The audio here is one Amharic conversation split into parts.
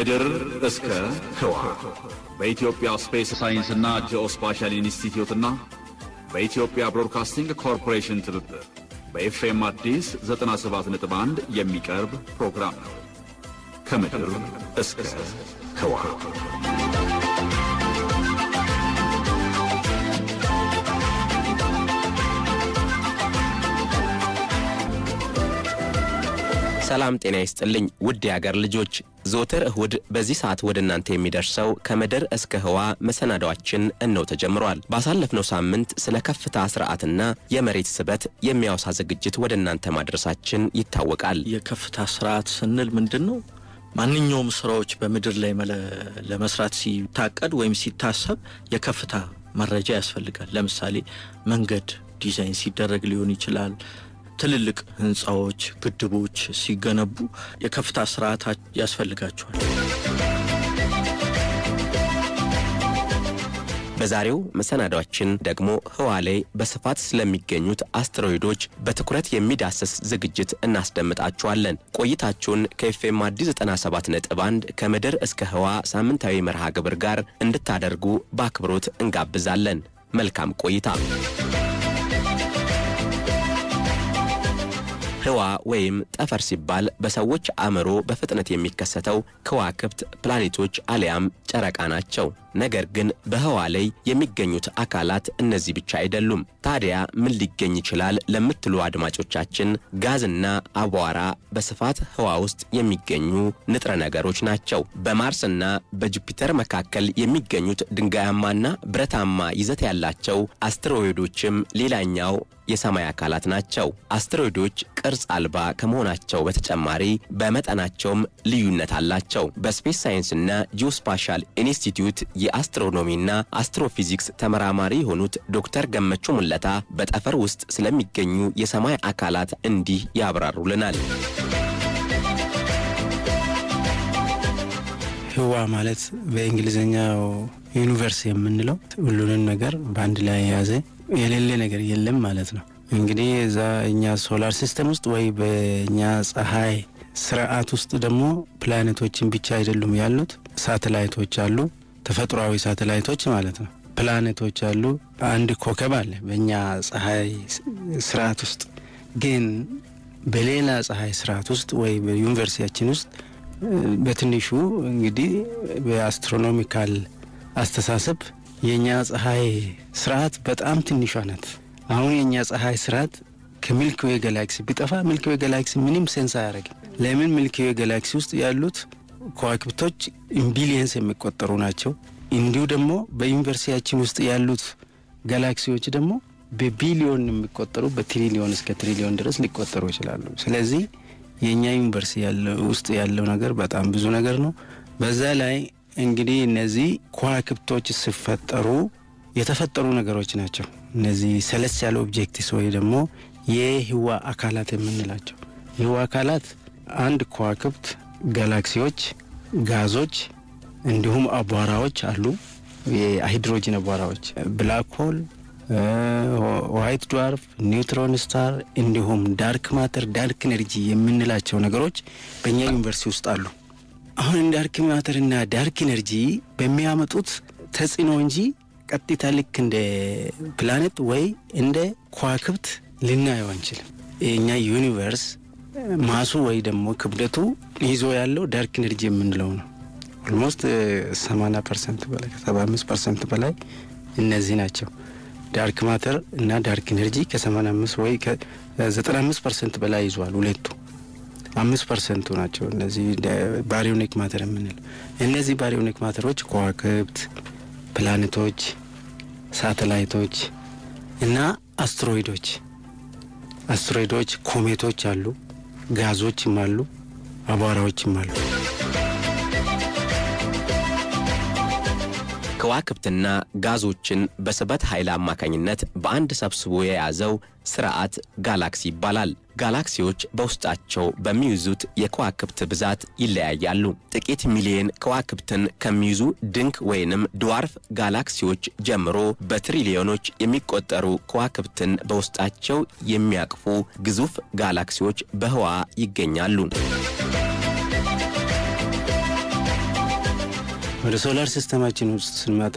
ከምድር እስከ ህዋ በኢትዮጵያ ስፔስ ሳይንስና ጂኦስፓሻል ኢንስቲትዩትና በኢትዮጵያ ብሮድካስቲንግ ኮርፖሬሽን ትብብር በኤፍኤም አዲስ 97.1 የሚቀርብ ፕሮግራም ነው። ከምድር እስከ ህዋ ሰላም ጤና ይስጥልኝ ውድ የአገር ልጆች ዘወትር እሁድ በዚህ ሰዓት ወደ እናንተ የሚደርሰው ከምድር እስከ ህዋ መሰናዳዋችን እነው ተጀምሯል። ባሳለፍነው ሳምንት ስለ ከፍታ ስርዓትና የመሬት ስበት የሚያወሳ ዝግጅት ወደ እናንተ ማድረሳችን ይታወቃል። የከፍታ ስርዓት ስንል ምንድን ነው? ማንኛውም ስራዎች በምድር ላይ ለመስራት ሲታቀድ ወይም ሲታሰብ የከፍታ መረጃ ያስፈልጋል። ለምሳሌ መንገድ ዲዛይን ሲደረግ ሊሆን ይችላል ትልልቅ ህንፃዎች፣ ግድቦች ሲገነቡ የከፍታ ስርዓት ያስፈልጋቸዋል። በዛሬው መሰናዷችን ደግሞ ህዋ ላይ በስፋት ስለሚገኙት አስትሮይዶች በትኩረት የሚዳስስ ዝግጅት እናስደምጣችኋለን። ቆይታችሁን ከኤፍኤም አዲስ 97 ነጥብ 1 ከምድር እስከ ህዋ ሳምንታዊ መርሃ ግብር ጋር እንድታደርጉ በአክብሮት እንጋብዛለን። መልካም ቆይታ። ህዋ ወይም ጠፈር ሲባል በሰዎች አእምሮ በፍጥነት የሚከሰተው ከዋክብት፣ ፕላኔቶች አሊያም ጨረቃ ናቸው። ነገር ግን በህዋ ላይ የሚገኙት አካላት እነዚህ ብቻ አይደሉም። ታዲያ ምን ሊገኝ ይችላል ለምትሉ አድማጮቻችን፣ ጋዝና አቧራ በስፋት ህዋ ውስጥ የሚገኙ ንጥረ ነገሮች ናቸው። በማርስና በጁፒተር መካከል የሚገኙት ድንጋያማና ብረታማ ይዘት ያላቸው አስትሮይዶችም ሌላኛው የሰማይ አካላት ናቸው። አስትሮይዶች ቅርጽ አልባ ከመሆናቸው በተጨማሪ በመጠናቸውም ልዩነት አላቸው። በስፔስ ሳይንስና ጂኦስፓሻል ኢንስቲትዩት የአስትሮኖሚና አስትሮፊዚክስ ተመራማሪ የሆኑት ዶክተር ገመቹ ሙለታ በጠፈር ውስጥ ስለሚገኙ የሰማይ አካላት እንዲህ ያብራሩልናል። ህዋ ማለት በእንግሊዝኛው ዩኒቨርስ የምንለው ሁሉንም ነገር በአንድ ላይ የያዘ የሌለ ነገር የለም ማለት ነው። እንግዲህ እዛ እኛ ሶላር ሲስተም ውስጥ ወይ በእኛ ፀሐይ ስርዓት ውስጥ ደግሞ ፕላኔቶችን ብቻ አይደሉም ያሉት፣ ሳተላይቶች አሉ፣ ተፈጥሯዊ ሳተላይቶች ማለት ነው። ፕላኔቶች አሉ፣ አንድ ኮከብ አለ በእኛ ፀሐይ ስርዓት ውስጥ። ግን በሌላ ፀሐይ ስርዓት ውስጥ ወይ በዩኒቨርሲቲያችን ውስጥ በትንሹ እንግዲህ በአስትሮኖሚካል አስተሳሰብ የእኛ ፀሐይ ስርዓት በጣም ትንሿ ናት። አሁን የእኛ ፀሐይ ስርዓት ከሚልክዌ ጋላክሲ ቢጠፋ ሚልክዌ ጋላክሲ ምንም ሴንስ አያደርግም። ለምን ሚልክዌ ጋላክሲ ውስጥ ያሉት ከዋክብቶች ኢምቢሊየንስ የሚቆጠሩ ናቸው። እንዲሁ ደግሞ በዩኒቨርሲቲያችን ውስጥ ያሉት ጋላክሲዎች ደግሞ በቢሊዮን የሚቆጠሩ በትሪሊዮን እስከ ትሪሊዮን ድረስ ሊቆጠሩ ይችላሉ። ስለዚህ የእኛ ዩኒቨርሲቲ ውስጥ ያለው ነገር በጣም ብዙ ነገር ነው። በዛ ላይ እንግዲህ እነዚህ ከዋክብቶች ሲፈጠሩ የተፈጠሩ ነገሮች ናቸው። እነዚህ ሰለስ ያለ ኦብጀክትስ ወይ ደግሞ የህዋ አካላት የምንላቸው የህዋ አካላት አንድ ከዋክብት፣ ጋላክሲዎች፣ ጋዞች እንዲሁም አቧራዎች አሉ። የሃይድሮጅን አቧራዎች፣ ብላክ ሆል፣ ዋይት ድዋርፍ፣ ኒውትሮን ስታር እንዲሁም ዳርክ ማተር፣ ዳርክ ኤነርጂ የምንላቸው ነገሮች በእኛ ዩኒቨርሲቲ ውስጥ አሉ። አሁን ዳርክ እና ዳርክ ኤነርጂ በሚያመጡት ተጽዕኖ እንጂ ቀጥታ ልክ እንደ ፕላኔት ወይ እንደ ከዋክብት ልናየው አንችልም። የእኛ ዩኒቨርስ ማሱ ወይ ደግሞ ክብደቱ ይዞ ያለው ዳርክ ኤነርጂ የምንለው ነው። ኦልሞስት 80 ፐርሰንት በላይ ከ75 ፐርሰንት በላይ እነዚህ ናቸው። ዳርክ ማተር እና ዳርክ ኤነርጂ ከ85 ወይ ከ95 ፐርሰንት በላይ ይዟል። ሁለቱ አምስት ፐርሰንቱ ናቸው እነዚህ ባሪዮኒክ ማተር የምንለው እነዚህ ባሪዮኒክ ማተሮች ከዋክብት ፕላኔቶች፣ ሳተላይቶች እና አስትሮይዶች አስትሮይዶች፣ ኮሜቶች አሉ፣ ጋዞችም አሉ፣ አቧራዎችም አሉ። ከዋክብትና ጋዞችን በስበት ኃይል አማካኝነት በአንድ ሰብስቦ የያዘው ስርዓት ጋላክሲ ይባላል። ጋላክሲዎች በውስጣቸው በሚይዙት የከዋክብት ብዛት ይለያያሉ። ጥቂት ሚሊየን ከዋክብትን ከሚይዙ ድንክ ወይንም ድዋርፍ ጋላክሲዎች ጀምሮ በትሪሊዮኖች የሚቆጠሩ ከዋክብትን በውስጣቸው የሚያቅፉ ግዙፍ ጋላክሲዎች በህዋ ይገኛሉ። ወደ ሶላር ሲስተማችን ውስጥ ስንመጣ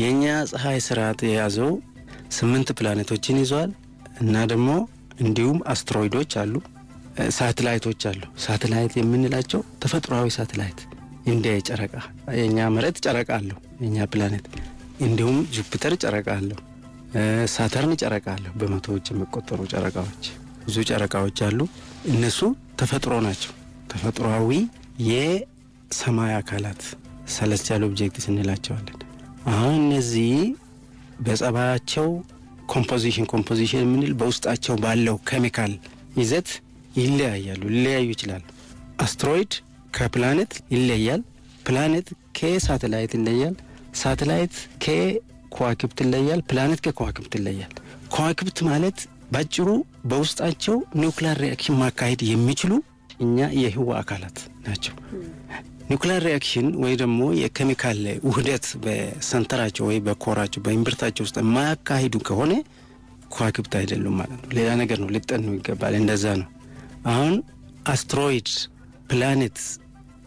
የእኛ ፀሐይ ስርዓት የያዘው ስምንት ፕላኔቶችን ይዟል እና ደግሞ እንዲሁም አስትሮይዶች አሉ፣ ሳትላይቶች አሉ። ሳትላይት የምንላቸው ተፈጥሯዊ ሳትላይት እንደ ጨረቃ፣ የእኛ መሬት ጨረቃ አለው፣ የእኛ ፕላኔት እንዲሁም ጁፒተር ጨረቃ አለው፣ ሳተርን ጨረቃ አለው። በመቶዎች የሚቆጠሩ ጨረቃዎች ብዙ ጨረቃዎች አሉ። እነሱ ተፈጥሮ ናቸው፣ ተፈጥሯዊ ሰማይ አካላት ሰለስቲያል ኦብጀክትስ እንላቸዋለን። አሁን እነዚህ በጸባያቸው ኮምፖዚሽን ኮምፖዚሽን የምንል በውስጣቸው ባለው ኬሚካል ይዘት ይለያያሉ፣ ሊለያዩ ይችላሉ። አስትሮይድ ከፕላኔት ይለያል። ፕላኔት ከሳተላይት ይለያል። ሳተላይት ከከዋክብት ይለያል። ፕላኔት ከከዋክብት ይለያል። ከዋክብት ማለት ባጭሩ በውስጣቸው ኒውክሊር ሪያክሽን ማካሄድ የሚችሉ እኛ የህዋ አካላት ናቸው። ኒኩሊር ሪያክሽን ወይ ደግሞ የኬሚካል ውህደት በሰንተራቸው ወይ በኮራቸው በኢንቨርታቸው ውስጥ የማያካሂዱ ከሆነ ከዋክብት አይደሉም ማለት ነው። ሌላ ነገር ነው፣ ሊጠኑ ይገባል። እንደዛ ነው። አሁን አስትሮይድ፣ ፕላኔት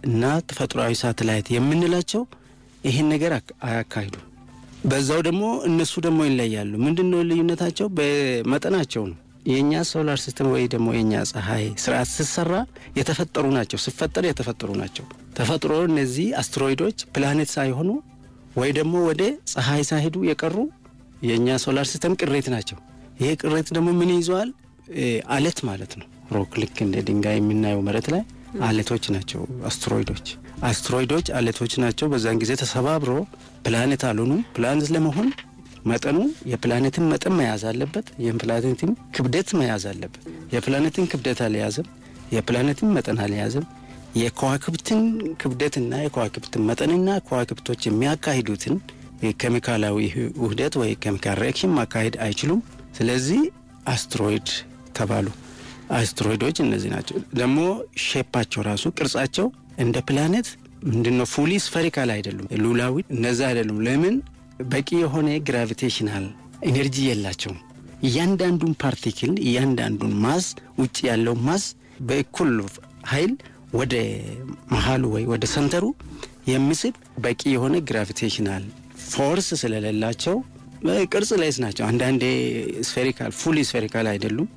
እና ተፈጥሯዊ ሳተላይት የምንላቸው ይህን ነገር አያካሂዱ። በዛው ደግሞ እነሱ ደግሞ ይለያሉ። ምንድን ነው ልዩነታቸው? በመጠናቸው ነው። የእኛ ሶላር ሲስተም ወይ ደግሞ የእኛ ፀሐይ ስርዓት ስሰራ የተፈጠሩ ናቸው። ሲፈጠር የተፈጠሩ ናቸው። ተፈጥሮ እነዚህ አስትሮይዶች ፕላኔት ሳይሆኑ ወይ ደግሞ ወደ ፀሐይ ሳይሄዱ የቀሩ የእኛ ሶላር ሲስተም ቅሬት ናቸው። ይሄ ቅሬት ደግሞ ምን ይዘዋል? አለት ማለት ነው። ሮክ ልክ እንደ ድንጋይ የምናየው መሬት ላይ አለቶች ናቸው። አስትሮይዶች አስትሮይዶች አለቶች ናቸው። በዛን ጊዜ ተሰባብሮ ፕላኔት አልሆኑም። ፕላኔት ለመሆን መጠኑ የፕላኔትን መጠን መያዝ አለበት። የፕላኔትን ክብደት መያዝ አለበት። የፕላኔትን ክብደት አልያዘም። የፕላኔትን መጠን አልያዘም። የከዋክብትን ክብደትና የከዋክብትን መጠንና ከዋክብቶች የሚያካሂዱትን ኬሚካላዊ ውህደት ወይ ኬሚካል ሪያክሽን ማካሄድ አይችሉም። ስለዚህ አስትሮይድ ተባሉ። አስትሮይዶች እነዚህ ናቸው። ደግሞ ሼፓቸው ራሱ ቅርጻቸው እንደ ፕላኔት ምንድነው ፉሊ ስፈሪካል አይደሉም፣ ሉላዊ እነዚ አይደሉም። ለምን በቂ የሆነ ግራቪቴሽናል ኤነርጂ የላቸውም። እያንዳንዱን ፓርቲክል እያንዳንዱን ማስ ውጭ ያለው ማስ በእኩል ኃይል ወደ መሀሉ ወይ ወደ ሰንተሩ የሚስብ በቂ የሆነ ግራቪቴሽናል ፎርስ ስለሌላቸው ቅርጽ ላይስ ናቸው። አንዳንዴ ስፌሪካል ፉል ስፌሪካል አይደሉም።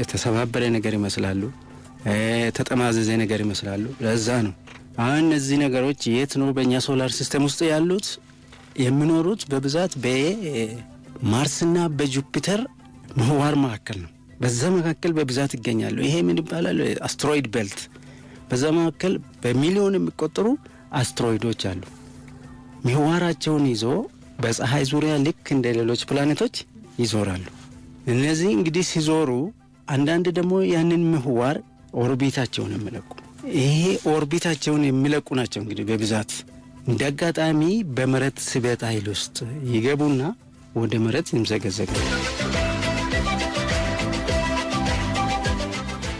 የተሰባበረ ነገር ይመስላሉ። የተጠማዘዘ ነገር ይመስላሉ። ለዛ ነው አሁን እነዚህ ነገሮች የት ነው በእኛ ሶላር ሲስተም ውስጥ ያሉት? የሚኖሩት በብዛት በማርስና በጁፒተር ምህዋር መካከል ነው። በዛ መካከል በብዛት ይገኛሉ። ይሄ ምን ይባላል? አስትሮይድ ቤልት። በዛ መካከል በሚሊዮን የሚቆጠሩ አስትሮይዶች አሉ። ምህዋራቸውን ይዞ በፀሐይ ዙሪያ ልክ እንደ ሌሎች ፕላኔቶች ይዞራሉ። እነዚህ እንግዲህ ሲዞሩ አንዳንድ ደግሞ ያንን ምህዋር ኦርቢታቸውን የሚለቁ ይሄ ኦርቢታቸውን የሚለቁ ናቸው እንግዲህ በብዛት እንደ አጋጣሚ በመሬት ስበት ኃይል ውስጥ ይገቡና ወደ መሬት ይምዘገዘጋል።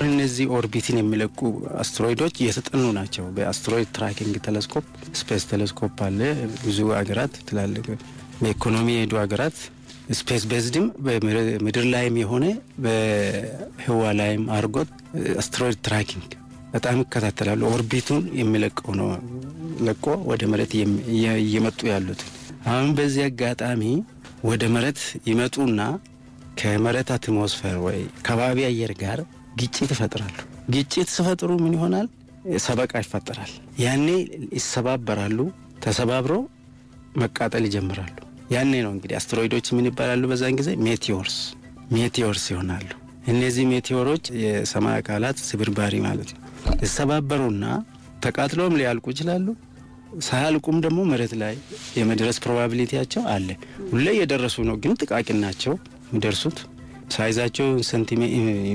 እነዚህ ኦርቢትን የሚለቁ አስትሮይዶች የተጠኑ ናቸው። በአስትሮይድ ትራኪንግ ቴሌስኮፕ ስፔስ ቴሌስኮፕ አለ። ብዙ ሀገራት ትላልቅ በኢኮኖሚ የሄዱ ሀገራት ስፔስ ቤዝድም በምድር ላይም የሆነ በህዋ ላይም አድርጎት አስትሮይድ ትራኪንግ በጣም ይከታተላሉ። ኦርቢቱን የሚለቀው ነው ለቆ ወደ መሬት እየመጡ ያሉትን አሁን በዚህ አጋጣሚ ወደ መሬት ይመጡና ከመሬት አትሞስፌር ወይ ከባቢ አየር ጋር ግጭት ይፈጥራሉ። ግጭት ሲፈጥሩ ምን ይሆናል? ሰበቃ ይፈጠራል። ያኔ ይሰባበራሉ። ተሰባብሮ መቃጠል ይጀምራሉ። ያኔ ነው እንግዲህ አስትሮይዶች ምን ይባላሉ? በዛን ጊዜ ሜቴዎርስ ሜቴዎርስ ይሆናሉ። እነዚህ ሜቴዎሮች የሰማይ አካላት ስብርባሪ ማለት ነው። ይሰባበሩና ተቃጥሎም ሊያልቁ ይችላሉ። ሳያልቁም ደግሞ መሬት ላይ የመድረስ ፕሮባቢሊቲያቸው አለ። ሁሌ የደረሱ ነው፣ ግን ጥቃቅን ናቸው የሚደርሱት። ሳይዛቸው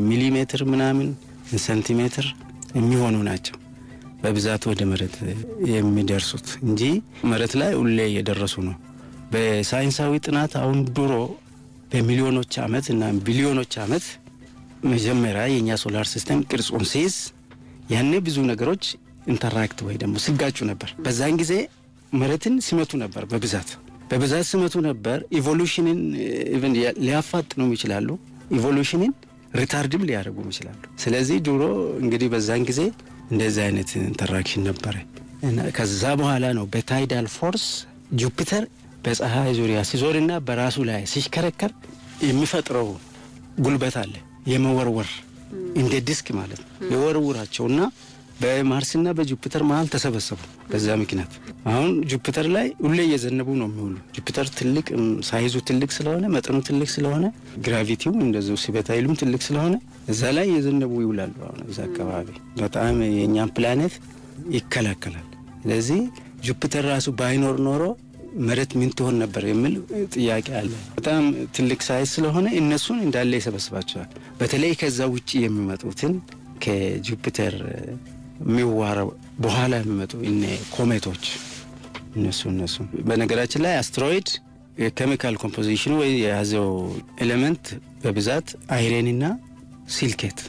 ሚሊሜትር ምናምን ሴንቲሜትር የሚሆኑ ናቸው በብዛት ወደ መሬት የሚደርሱት እንጂ መሬት ላይ ሁሌ የደረሱ ነው። በሳይንሳዊ ጥናት አሁን ድሮ በሚሊዮኖች ዓመት እና ቢሊዮኖች ዓመት መጀመሪያ የእኛ ሶላር ሲስተም ቅርጹን ሲይዝ ያኔ ብዙ ነገሮች ኢንተራክት ወይ ደግሞ ሲጋጩ ነበር። በዛን ጊዜ መሬትን ሲመቱ ነበር በብዛት በብዛት ሲመቱ ነበር። ኢቮሉሽንን ሊያፋጥኑም ይችላሉ። ኢቮሉሽንን ሪታርድም ሊያደርጉም ይችላሉ። ስለዚህ ድሮ እንግዲህ በዛን ጊዜ እንደዚህ አይነት ኢንተራክሽን ነበረ። ከዛ በኋላ ነው በታይዳል ፎርስ ጁፒተር በፀሐይ ዙሪያ ሲዞርና በራሱ ላይ ሲሽከረከር የሚፈጥረው ጉልበት አለ የመወርወር እንደ ዲስክ ማለት ነው የወርውራቸውና በማርስና በጁፒተር መሀል ተሰበሰቡ። በዛ ምክንያት አሁን ጁፒተር ላይ ሁሌ እየዘነቡ ነው የሚውሉ። ጁፒተር ትልቅ ሳይዙ ትልቅ ስለሆነ መጠኑ ትልቅ ስለሆነ ግራቪቲው እንደዚሁ ስበት ኃይሉም ትልቅ ስለሆነ እዛ ላይ እየዘነቡ ይውላሉ። አሁን እዛ አካባቢ በጣም የእኛም ፕላኔት ይከላከላል። ስለዚህ ጁፒተር ራሱ ባይኖር ኖሮ መሬት ምን ትሆን ነበር የሚል ጥያቄ አለ። በጣም ትልቅ ሳይዝ ስለሆነ እነሱን እንዳለ ይሰበስባቸዋል። በተለይ ከዛ ውጭ የሚመጡትን ከጁፒተር የሚዋረው በኋላ የሚመጡ ኮሜቶች እነሱ እነሱ በነገራችን ላይ አስትሮይድ የኬሚካል ኮምፖዚሽኑ ወይ የያዘው ኤሌመንት በብዛት አይሬንና ሲልኬት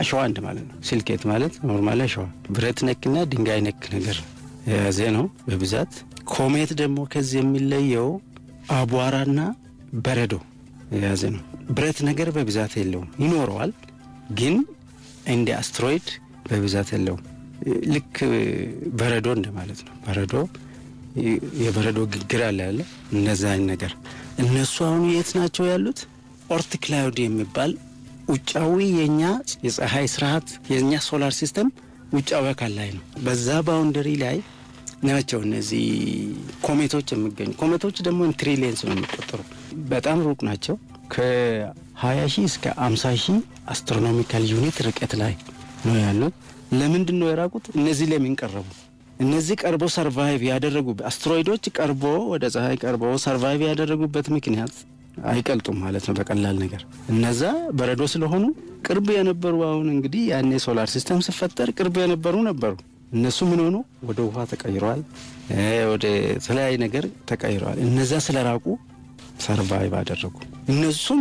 አሸዋ አንድ ማለት ነው። ሲልኬት ማለት ኖርማል አሸዋ ብረት ነክና ድንጋይ ነክ ነገር የያዘ ነው በብዛት። ኮሜት ደግሞ ከዚህ የሚለየው አቧራና በረዶ የያዘ ነው። ብረት ነገር በብዛት የለውም፣ ይኖረዋል ግን እንደ አስትሮይድ በብዛት የለውም። ልክ በረዶ እንደማለት ነው። በረዶ የበረዶ ግግር አለ ያለ እነዛ ነገር እነሱ አሁኑ የት ናቸው ያሉት? ኦርት ክላውድ የሚባል ውጫዊ የኛ የፀሐይ ስርዓት የኛ ሶላር ሲስተም ውጫዊ አካል ላይ ነው። በዛ ባውንደሪ ላይ ናቸው እነዚህ ኮሜቶች የሚገኙ። ኮሜቶች ደግሞ ትሪሊየንስ ነው የሚቆጠሩ፣ በጣም ሩቅ ናቸው። ከ20 ሺህ እስከ 50 ሺህ አስትሮኖሚካል ዩኒት ርቀት ላይ ነው ያለው። ለምንድን ነው የራቁት? እነዚህ ለምን ቀረቡ? እነዚህ ቀርቦ ሰርቫይቭ ያደረጉበት አስትሮይዶች ቀርቦ ወደ ፀሐይ ቀርቦ ሰርቫይቭ ያደረጉበት ምክንያት አይቀልጡም ማለት ነው በቀላል ነገር። እነዛ በረዶ ስለሆኑ ቅርብ የነበሩ አሁን እንግዲህ ያኔ ሶላር ሲስተም ሲፈጠር ቅርብ የነበሩ ነበሩ። እነሱ ምን ሆኑ? ወደ ውሃ ተቀይረዋል፣ ወደ ተለያዩ ነገር ተቀይረዋል። እነዛ ስለራቁ ሰርቫይቭ አደረጉ። እነሱም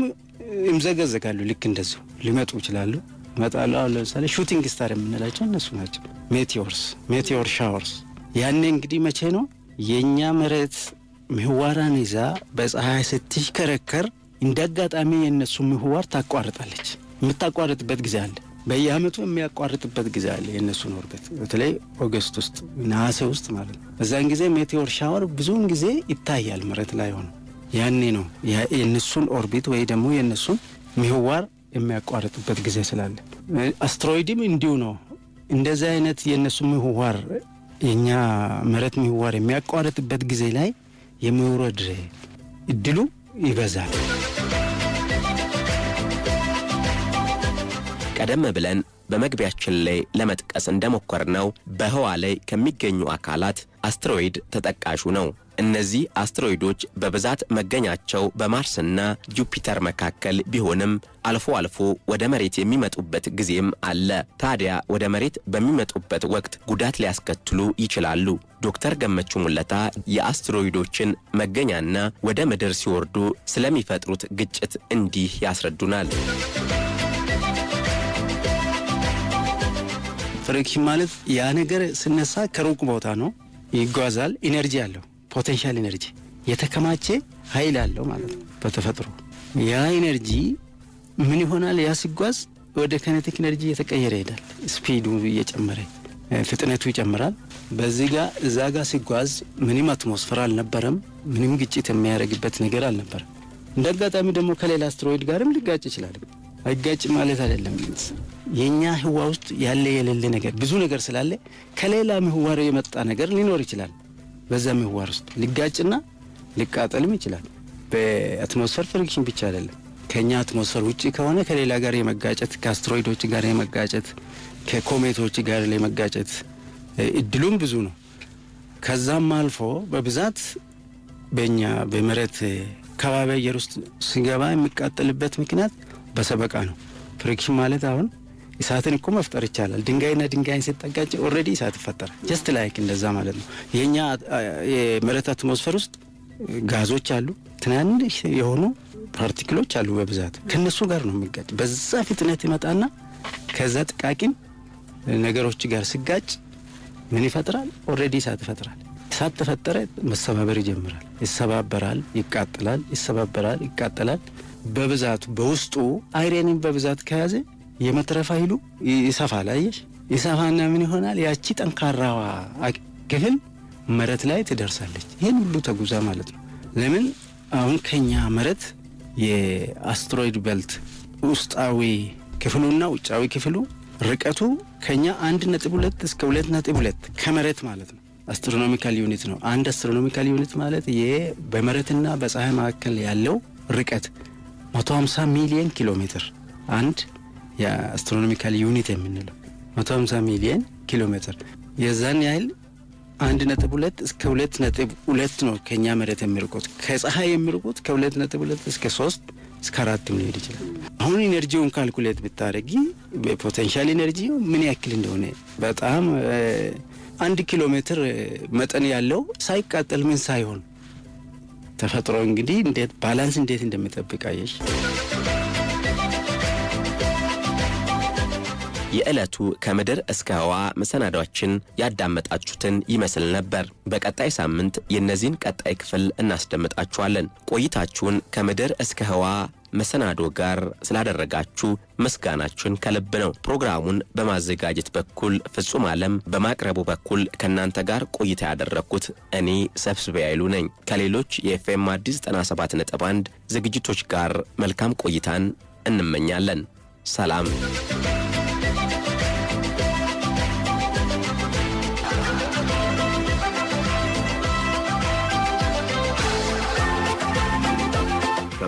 ይምዘገዘጋሉ። ልክ እንደዚሁ ሊመጡ ይችላሉ። ይመጣሉ። ለምሳሌ ሹቲንግ ስታር የምንላቸው እነሱ ናቸው። ሜቴዎርስ ሜቴዎር ሻወርስ ያኔ እንግዲህ መቼ ነው የእኛ መሬት ምህዋራን ይዛ በፀሐይ ስትሽከረከር እንደ አጋጣሚ የእነሱ ምህዋር ታቋርጣለች። የምታቋርጥበት ጊዜ አለ። በየአመቱ የሚያቋርጥበት ጊዜ አለ። የእነሱን ኦርቤት በተለይ ኦገስት ውስጥ ነሐሴ ውስጥ ማለት ነው። በዛን ጊዜ ሜቴዎር ሻወር ብዙውን ጊዜ ይታያል መሬት ላይ ሆነ። ያኔ ነው የእነሱን ኦርቢት ወይ ደግሞ የእነሱን ምህዋር የሚያቋርጥበት ጊዜ ስላለ አስትሮይድም እንዲሁ ነው። እንደዚህ አይነት የእነሱ ምህዋር የእኛ መሬት ምህዋር የሚያቋርጥበት ጊዜ ላይ የመውረድ እድሉ ይበዛል። ቀደም ብለን በመግቢያችን ላይ ለመጥቀስ እንደሞከርነው በህዋ ላይ ከሚገኙ አካላት አስትሮይድ ተጠቃሹ ነው። እነዚህ አስትሮይዶች በብዛት መገኛቸው በማርስና ጁፒተር መካከል ቢሆንም አልፎ አልፎ ወደ መሬት የሚመጡበት ጊዜም አለ። ታዲያ ወደ መሬት በሚመጡበት ወቅት ጉዳት ሊያስከትሉ ይችላሉ። ዶክተር ገመቹ ሙለታ የአስትሮይዶችን መገኛና ወደ ምድር ሲወርዱ ስለሚፈጥሩት ግጭት እንዲህ ያስረዱናል። ፍሪክሽን ማለት ያ ነገር ስነሳ ከሩቅ ቦታ ነው ይጓዛል። ኢነርጂ አለው፣ ፖቴንሻል ኢነርጂ የተከማቸ ኃይል አለው ማለት ነው በተፈጥሮ ያ ኢነርጂ ምን ይሆናል? ያ ሲጓዝ ወደ ከነቲክ ኢነርጂ እየተቀየረ ይሄዳል። ስፒዱ እየጨመረ ፍጥነቱ ይጨምራል። በዚህ ጋ እዛ ጋ ሲጓዝ ምንም አትሞስፈር አልነበረም። ምንም ግጭት የሚያደርግበት ነገር አልነበረም። እንደ አጋጣሚ ደግሞ ከሌላ አስትሮይድ ጋርም ሊጋጭ ይችላል። አይጋጭ ማለት አይደለም። የእኛ ህዋ ውስጥ ያለ የሌለ ነገር ብዙ ነገር ስላለ ከሌላ ምህዋር የመጣ ነገር ሊኖር ይችላል። በዛ ምህዋር ውስጥ ሊጋጭና ሊቃጠልም ይችላል። በአትሞስፈር ፍሪክሽን ብቻ አይደለም። ከእኛ አትሞስፈር ውጭ ከሆነ ከሌላ ጋር የመጋጨት ከአስትሮይዶች ጋር የመጋጨት ከኮሜቶች ጋር የመጋጨት እድሉም ብዙ ነው። ከዛም አልፎ በብዛት በእኛ በመሬት ከባቢ አየር ውስጥ ሲገባ የሚቃጠልበት ምክንያት በሰበቃ ነው። ፍሪክሽን ማለት አሁን እሳትን እኮ መፍጠር ይቻላል። ድንጋይና ድንጋይን ሲጠጋጭ ኦልሬዲ እሳት ይፈጠራል። ጀስት ላይክ እንደዛ ማለት ነው። የእኛ የመሬት አትሞስፌር ውስጥ ጋዞች አሉ፣ ትናንሽ የሆኑ ፓርቲክሎች አሉ በብዛት ከነሱ ጋር ነው የሚጋጭ። በዛ ፍጥነት ይመጣና ከዛ ጥቃቂን ነገሮች ጋር ሲጋጭ ምን ይፈጥራል? ኦልሬዲ እሳት ይፈጥራል። እሳት ተፈጠረ፣ መሰባበር ይጀምራል። ይሰባበራል፣ ይቃጠላል፣ ይሰባበራል፣ ይቃጠላል በብዛቱ በውስጡ አይሬንን በብዛት ከያዘ የመትረፍ ኃይሉ ይሰፋል። አየሽ ይሰፋና ምን ይሆናል? ያቺ ጠንካራዋ ክፍል መሬት ላይ ትደርሳለች። ይህን ሁሉ ተጉዛ ማለት ነው። ለምን አሁን ከኛ መሬት የአስትሮይድ ቤልት ውስጣዊ ክፍሉና ውጫዊ ክፍሉ ርቀቱ ከኛ አንድ ነጥብ ሁለት እስከ ሁለት ነጥብ ሁለት ከመሬት ማለት ነው አስትሮኖሚካል ዩኒት ነው። አንድ አስትሮኖሚካል ዩኒት ማለት ይሄ በመሬትና በፀሐይ መካከል ያለው ርቀት 150 ሚሊየን ኪሎ ሜትር አንድ የአስትሮኖሚካል ዩኒት የምንለው 150 ሚሊየን ኪሎ ሜትር የዛን ያህል አንድ ነጥብ ሁለት እስከ ሁለት ነጥብ ሁለት ነው ከእኛ መሬት የሚርቁት። ከፀሐይ የሚርቁት ከሁለት ነጥብ ሁለት እስከ ሶስት እስከ አራት ሊሄድ ይችላል። አሁን ኢነርጂውን ካልኩሌት ብታደረጊ ፖቴንሻል ኢነርጂ ምን ያክል እንደሆነ በጣም አንድ ኪሎ ሜትር መጠን ያለው ሳይቃጠል ምን ሳይሆን ተፈጥሮ እንግዲህ እንዴት ባላንስ እንዴት እንደሚጠብቅ አየሽ። የዕለቱ ከምድር እስከ ህዋ መሰናዷችን ያዳመጣችሁትን ይመስል ነበር። በቀጣይ ሳምንት የእነዚህን ቀጣይ ክፍል እናስደምጣችኋለን። ቆይታችሁን ከምድር እስከ ህዋ መሰናዶ ጋር ስላደረጋችሁ ምስጋናችን ከልብ ነው። ፕሮግራሙን በማዘጋጀት በኩል ፍጹም ዓለም፣ በማቅረቡ በኩል ከእናንተ ጋር ቆይታ ያደረግኩት እኔ ሰብስቤ ያይሉ ነኝ። ከሌሎች የኤፍኤም አዲስ 97 ነጥብ 1 ዝግጅቶች ጋር መልካም ቆይታን እንመኛለን። ሰላም።